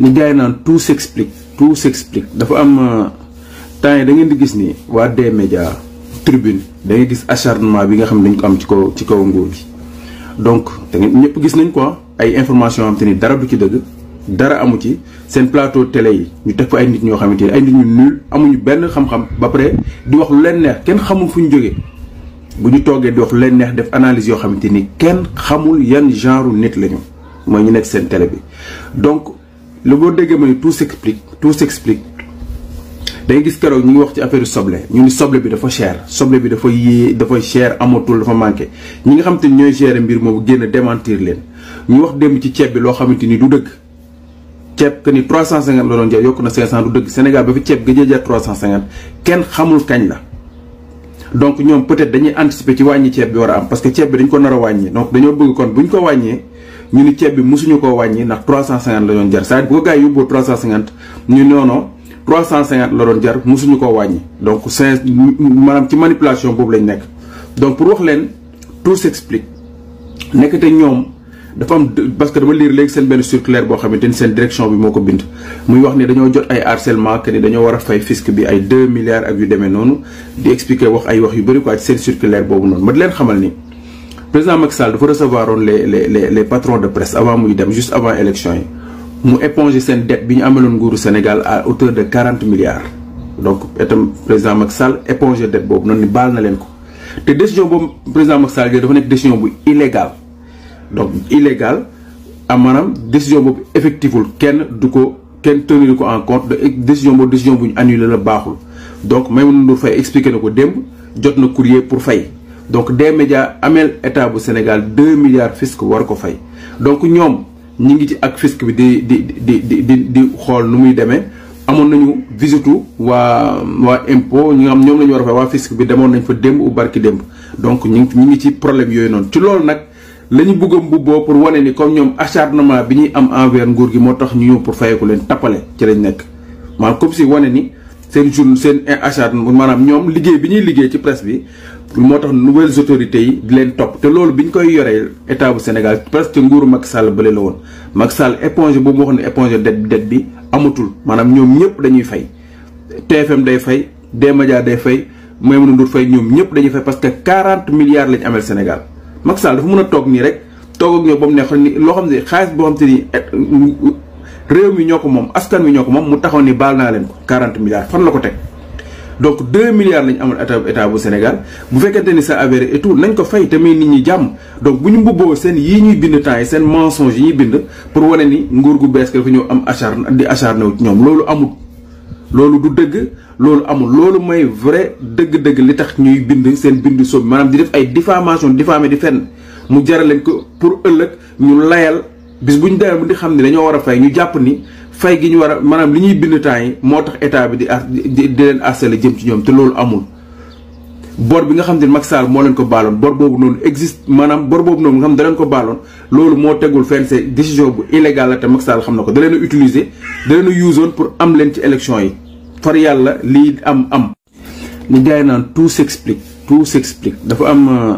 li gars yi naan tout s'explique tout s'explique dafa am euh, temps yi da ngeen di gis nii waa des médias tribune da ngay gis acharnement bi nga xam ne dañ ko am ci kaw ci kaw nguur gi donc da ñëpp gis nañ ko ay information am te ni dara du ci dëgg dara amu ci seen plateau télé yi ñu teg ay nit ñoo xamante ni ay nit ñu nul amuñu benn xam-xam ba pare di wax lu leen neex kenn xamul fu ñu jógee bu ñu toogee di wax lu leen neex def analyse yoo xamante ni kenn xamul yan genre nit lañu mooy ñu nekk seen télé bi lu boo déggee mooy tout s'explique tout s'explique da ngay gis keroog ñu ngi wax ci affaire soble ñu ni soble bi dafa cher soble bi dafa yée dafa cher amatul dafa manqué ñi nga xam te ñooy gérer mbir moomu génn démentir leen ñu wax démb ci ceeb bi loo xamante ni du dëgg ceeb que ni 350 la doon jaay yokk na 500 du dëgg Sénégal ba fi ceeb gëj a jar 350 kenn xamul kañ la donc ñoom peut-être dañuy anticiper ci wàññi ceeb bi war a am parce que ceeb bi dañ ko nar wàññee wàññi donc dañoo bëgg kon buñ ko wàññee ñu ni ceeb bi mosuñu koo wàññi ndax 350 la doon jar c'est-à-dire bu ko gars yi yóbboo 350 ñu noono 350 la doon jar mosuñu koo wàññi donc cinq maanaam ci manipulation boobu lañ nekk donc pour wax leen tout s'explique nekk ñoom dafa am parce que dama lire léegi seen benn circulaire boo xamante ni seen direction bi moo ko bind muy wax ni dañoo jot ay harcèlement ni dañoo war a fay fisc bi ay 2 milliards ak yu demee noonu di expliquer wax ay wax yu bëri quoi ci seen circulaire boobu ma leen xamal ni président Macky Sall dafa recevoir le les les les les patrons de presse avant muy dem juste avant élection yi mu éponger seen dette bi ñu amaloon nguuru Sénégal à hauteur de quarante milliards. donc itam président Macky Sall éponger dette boobu noonu baal na leen ko te décision boobu président Macky Sall jël dafa nekk décision bu illégale donc illégal am maanaam décision boobu effectiful kenn du ko kenn tenir ko en compte de décision boobu décision bu ñu annulé la baaxul donc Maimouna Ndour Faye expliqué na ko démb jot na courrier pour fay. donc D-Média ameel état bu Sénégal deux milliards fisc war ko fay donc ñoom ñi ngi ci ak fisc bi di di di di di xool nu muy demee amoon nañu visitu waa waa impôt ñi nga xam ñoom lañu war a fay waa fisc bi demoon nañ fa démb u barki démb donc ñu ngi ñu ngi ci problème yooyu noonu ci loolu nag la ñu bëgg a mbubboo pour wane ni comme ñoom acharnement bi ñuy am envers nguur gi moo tax ñu ñëw pour fayeeku leen tappale ci lañ nekk maanaam comme si wane ni seen jour seen acharnement maanaam ñoom liggéey bi ñuy liggéey ci presse bi moo tax nouvelle autorité yi di leen topp te loolu bi ñu koy yoree état bu Sénégal presque nguuru mag Sall bële la woon Macky Sall éponge boobu waxoon ne éponge dette det bi amatul maanaam ñoom ñëpp dañuy fay TFM day fay D-Media day fay Maïmouna Ndour fey ñoom ñëpp dañuy fay parce que quarante milliards lañ amel Sénégal Macky Sall dafa mën a toog nii rek toog ak ñoom ba mu neexoon ni loo xam ne xaalis boo xam te ni réew mi ñoo ko moom askan wi ñoo ko moom mu taxaw nii baal naa leen ko 40 fan la ko donc deux milliards lañu amal état état bu Sénégal bu fekkente ni sa avéré et nañ ko fay tamit nit ñi jàmm donc bu ñu mbubboo seen yii ñuy bind temps yi seen mensonge yi ñuy bind pour wane ni nguur gu bees ka dafa ñëw am acharn di acharné wu ñoom loolu amul loolu du dëgg loolu amul loolu mooy vrai dëgg-dëgg li tax ñuy bind seen bind soob maanaam di def ay diffamation diffamé di fenn mu jaraleen ko pour ëllëg ñu layal bis bu ñu demee bu di xam ne dañoo war a fay ñu jàpp ni fay gi ñu war a maanaam li ñuy bind temps moo tax état bi di di leen harcelé jëm ci ñoom te loolu amul. bor bi nga xam ne Macky Sall moo leen ko baaloon bor boobu noonu exist maanaam bor boobu noonu nga xam da ko baaloon loolu moo tegul fenn see décision bu illégale la te Macky xam na ko daleen leen a utiliser use woon pour am leen ci élection yi far yàlla lii am am. ñu jaay naan tout s'explique tout s'explique dafa am. Euh,